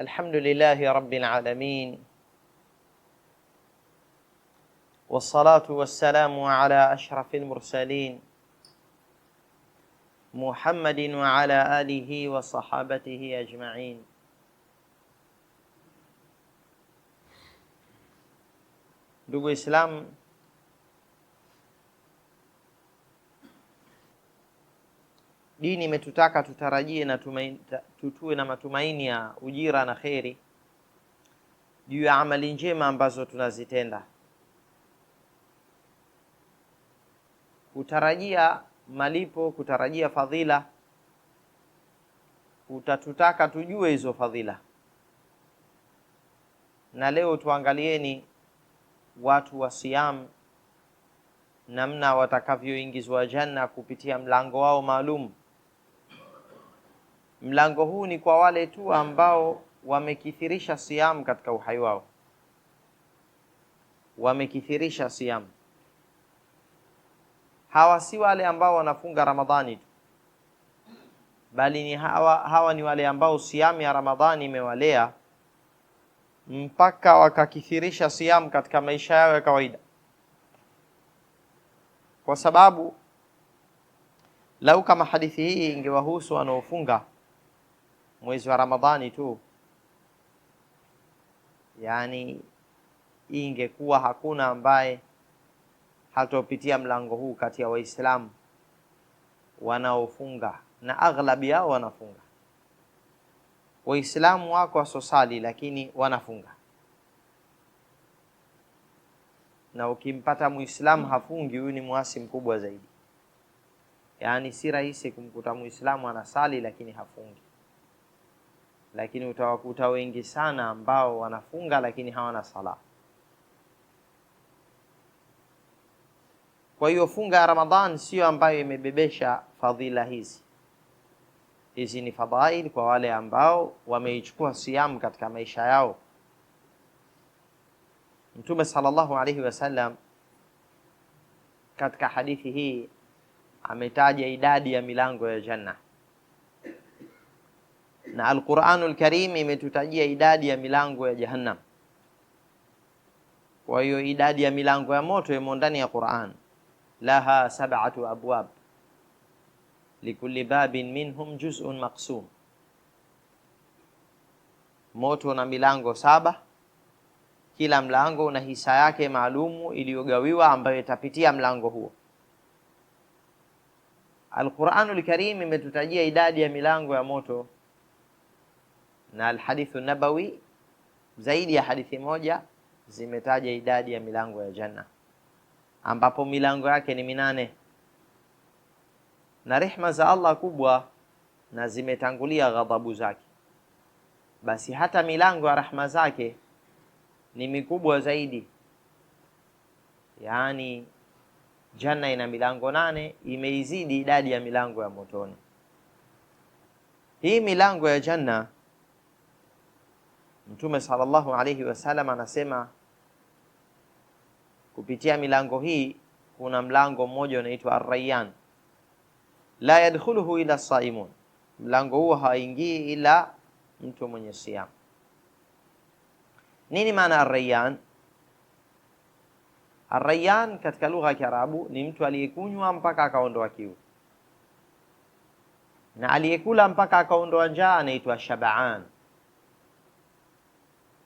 الحمد لله رب العالمين والصلاة والسلام على أشرف المرسلين محمد وعلى آله وصحابته أجمعين دوغو إسلام Dini imetutaka tutarajie na tutue na matumaini ya ujira na kheri juu ya amali njema ambazo tunazitenda. Kutarajia malipo, kutarajia fadhila utatutaka tujue hizo fadhila. Na leo tuangalieni watu wa siam namna watakavyoingizwa janna kupitia mlango wao maalum. Mlango huu ni kwa wale tu ambao wamekithirisha siamu katika uhai wao, wamekithirisha siamu. Hawa si wale ambao wanafunga Ramadhani tu, bali ni hawa, hawa ni wale ambao siamu ya Ramadhani imewalea mpaka wakakithirisha siamu katika maisha yao ya kawaida, kwa sababu lau kama hadithi hii ingewahusu wanaofunga mwezi wa Ramadhani tu, yaani ingekuwa hakuna ambaye hatopitia mlango huu kati ya Waislamu wanaofunga na aghlabi yao wanafunga. Waislamu wako wasosali, lakini wanafunga. Na ukimpata Muislamu hafungi, huyu ni mwasi mkubwa zaidi. Yaani si rahisi kumkuta Muislamu anasali lakini hafungi lakini utawakuta wengi sana ambao wanafunga lakini hawana sala. Kwa hiyo funga ya Ramadhan siyo ambayo imebebesha fadhila hizi. Hizi ni fadhail kwa wale ambao wameichukua siamu katika maisha yao. Mtume sallallahu alayhi wasallam katika hadithi hii ametaja idadi ya milango ya janna na Alquranul Karim imetutajia idadi ya milango ya Jahannam. Kwa hiyo idadi ya milango ya moto imo ndani ya Quran, laha sab'atu abwab likulli babin minhum juz'un maqsum, moto na milango saba, kila mlango una hisa yake maalumu iliyogawiwa ambayo itapitia mlango huo. alquranu Karim imetutajia idadi ya milango ya moto na alhadithu nabawi zaidi ya hadithi moja zimetaja idadi ya milango ya janna ambapo milango yake ni minane na rehma za Allah kubwa na zimetangulia ghadhabu zake, basi hata milango ya rahma zake ni mikubwa zaidi. Yaani janna ina milango nane, imeizidi idadi ya milango ya motoni. Hii milango ya janna Mtume sallallahu alayhi wasallam anasema kupitia milango hii kuna mlango mmoja unaitwa Ar-Rayyan, la yadkhuluhu ila saimun, mlango huo haingii ila mtu mwenye siamu Nini maana Ar-Rayyan? Ar-Rayyan katika lugha ya Kiarabu ni mtu aliyekunywa mpaka akaondoa kiu na aliyekula mpaka akaondoa njaa anaitwa shabaan.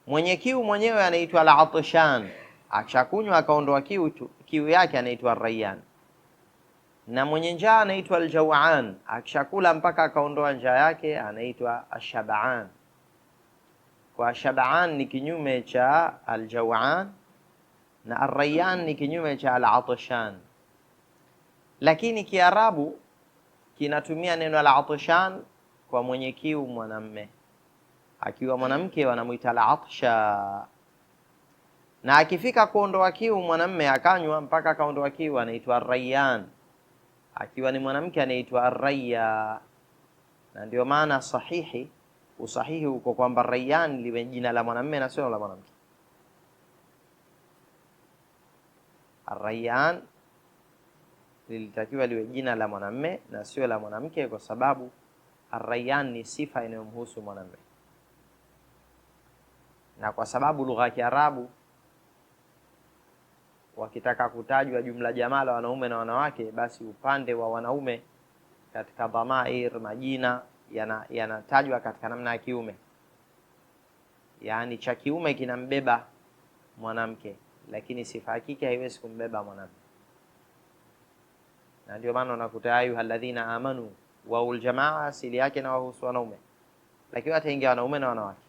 Mwenye kiu mwenyewe anaitwa al-atshan, akishakunywa akaondoa kiu tu, kiu yake anaitwa rayyan, na mwenye njaa anaitwa al-jawan, akishakula mpaka akaondoa njaa yake anaitwa ashaban. Kwa shaban ni kinyume cha al-jawan na ar-rayyan ni kinyume cha al-atshan, lakini Kiarabu kinatumia neno al-atshan kwa mwenye kiu mwanamme akiwa mwanamke wanamuita al-atsha, na akifika kuondoa kiu mwanamme akanywa mpaka akaondoa kiu anaitwa ar-rayyan, akiwa ni mwanamke anaitwa raya Na ndio maana sahihi, usahihi uko kwamba rayyan liwe jina la mwanamme na sio la mwanamke. rayan rayyan lilitakiwa liwe jina la mwanamme na sio la mwanamke, kwa sababu rayan rayyan ni sifa inayomhusu mwanamme na kwa sababu lugha ya Kiarabu wakitaka kutajwa jumla jamaa la wanaume na wanawake, basi upande wa wanaume katika dhamair majina yanatajwa yana katika namna ya kiume, yaani cha kiume kinambeba mwanamke, lakini sifa ya kike haiwezi kumbeba mwanamke. Na ndio maana unakuta ayuha alladhina amanu waul jamaa asili yake na wahusu wanaume, lakini hata ingia wanaume na wanawake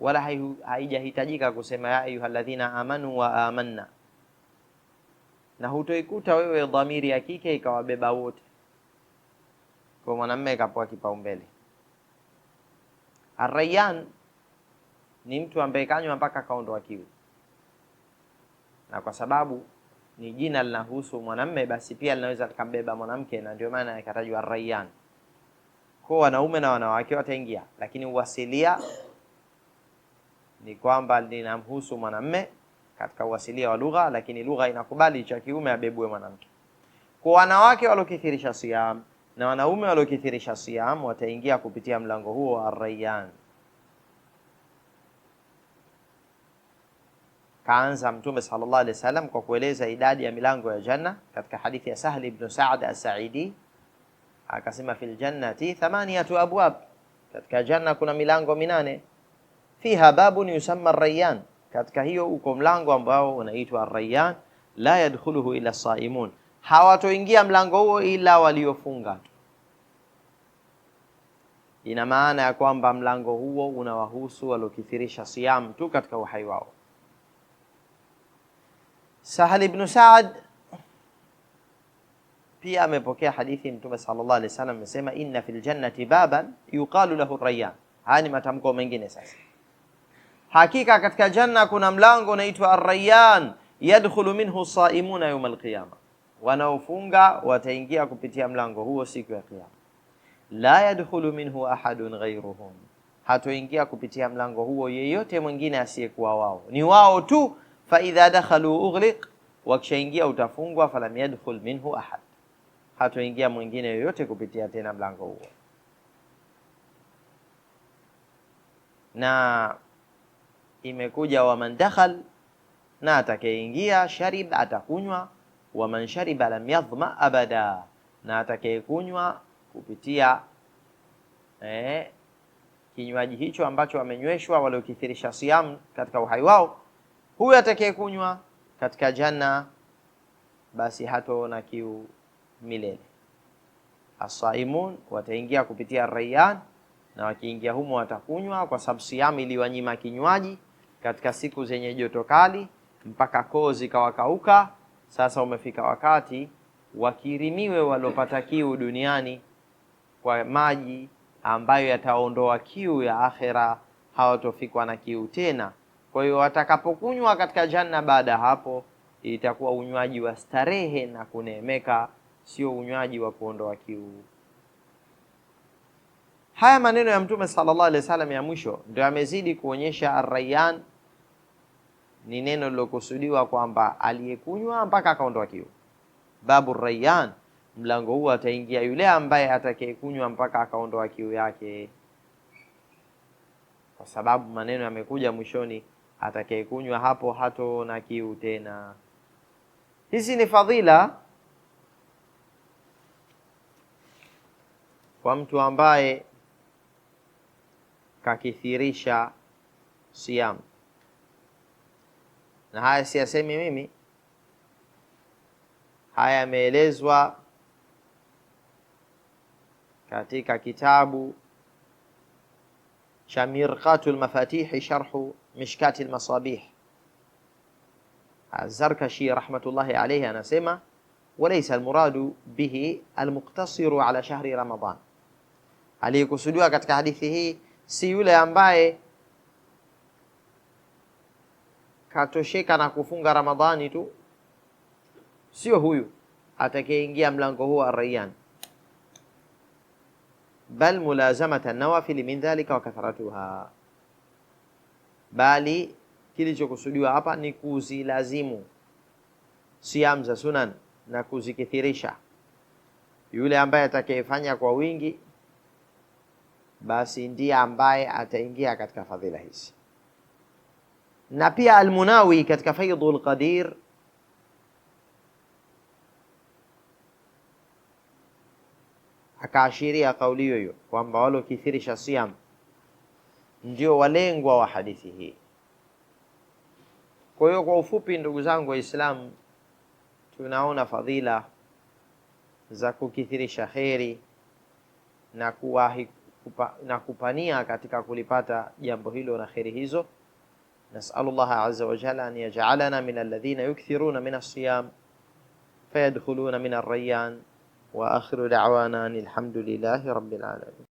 wala haijahitajika kusema ya ladhina amanu wa amanna, na hutoikuta wewe dhamiri ya kike ikawabeba wote, kwa mwanamume ikapewa kipaumbele. Arrayan ni mtu ambaye kanywa mpaka kaondoa kiu, na kwa sababu ni jina linahusu mwanamume, basi pia linaweza likambeba mwanamke, na ndio maana ikatajwa Arrayan. Kwa wanaume na wanawake wataingia, lakini uwasilia ni kwamba linamhusu mwanamme katika uasilia wa lugha, lakini lugha inakubali cha kiume abebwe mwanamke. Kwa wanawake waliokithirisha siam na wanaume waliokithirisha siam wataingia kupitia mlango huo wa Ar-Rayyan. Kaanza Mtume sallallahu alaihi wasallam kwa kueleza idadi ya milango ya janna katika hadithi ya Sahli ibn Sa'd as-Sa'idi, akasema fil jannati thamaniyatu abwab, katika janna kuna milango minane fiha babun yusamma Rayyan, katika hiyo uko mlango ambao unaitwa Rayyan, la yadkhuluhu illa saimun, hawatoingia mlango huo ila waliofunga tu. Ina maana ya kwamba mlango huo unawahusu waliokithirisha siam tu katika uhai wao. Sahal ibn Saad pia amepokea hadithi Mtume sallallahu alaihi wasallam amesema, inna fil jannati baban yuqalu lahu Rayyan. Haya ni matamko mengine sasa Hakika katika janna kuna mlango unaitwa Ar-Rayyan, yadkhulu minhu saimuna yawm al-qiyama, wanaofunga wataingia kupitia mlango huo siku ya Kiyama. La yadkhulu minhu ahadun ghayruhum, hatoingia kupitia mlango huo yeyote mwingine asiyekuwa wao, ni wao tu. Fa idha dakhalu ughliq, wakishaingia utafungwa. Falam yadkhul minhu ahad, hatoingia mwingine yoyote kupitia tena mlango huo na imekuja waman dakhal, na atakayeingia sharib atakunywa. Waman shariba lam yadhma abada, na atakayekunywa kupitia eh, kinywaji hicho ambacho wamenyweshwa waliokithirisha siamu katika uhai wao, huyo atakayekunywa katika janna basi hatoona kiu milele. Asaimun wataingia kupitia Rayyan, na wakiingia humo watakunywa, kwa sababu siamu iliwanyima kinywaji katika siku zenye joto kali mpaka koo zikawakauka Sasa umefika wakati wakirimiwe walopata kiu duniani kwa maji ambayo yataondoa kiu ya akhera, hawatofikwa na kiu tena. Kwa hiyo watakapokunywa katika janna baada ya hapo, itakuwa unywaji wa starehe na kuneemeka, sio unywaji wa kuondoa kiu. Haya maneno ya Mtume sallallahu alaihi wasallam ya mwisho ndio yamezidi kuonyesha Ar-Rayyan ni neno lilokusudiwa kwamba aliyekunywa mpaka akaondoa kiu. Babu Rayyan, mlango huu ataingia yule ambaye atakayekunywa mpaka akaondoa kiu yake, kwa sababu maneno yamekuja mwishoni, atakayekunywa hapo na kiu tena. Hizi ni fadhila kwa mtu ambaye kakithirisha siamu. na haya siyasemi mimi, haya yameelezwa katika kitabu cha Mirqatu lmafatihi sharhu Mishkati lmasabih. Azarkashi rahmatullahi alayhi anasema walaysa almuradu bihi almuktasiru ala shahri Ramadan, aliyekusudiwa katika hadithi hii si yule ambaye katosheka na kufunga Ramadhani tu, sio huyu atakayeingia mlango huu Ar-Rayyan, bal mulazamata nawafili min dhalika wa kathratuha, bali kilichokusudiwa hapa ni kuzilazimu siam za sunan na kuzikithirisha. Yule ambaye atakayefanya kwa wingi, basi ndiye ambaye ataingia katika fadhila hizi na pia Almunawi katika faidhu Qadir akaashiria kauli hiyo hiyo kwamba wale siam ndio walengwa wa hadithi hii. Kwa hiyo kwa ufupi, ndugu zangu Waislamu, tunaona fadhila za kukithirisha kheri na kuwahi kupa, na kupania katika kulipata jambo hilo na kheri hizo. نسأل الله عز وجل أن يجعلنا من الذين يكثرون من الصيام فيدخلون من الريان وآخر دعوانا أن الحمد لله رب العالمين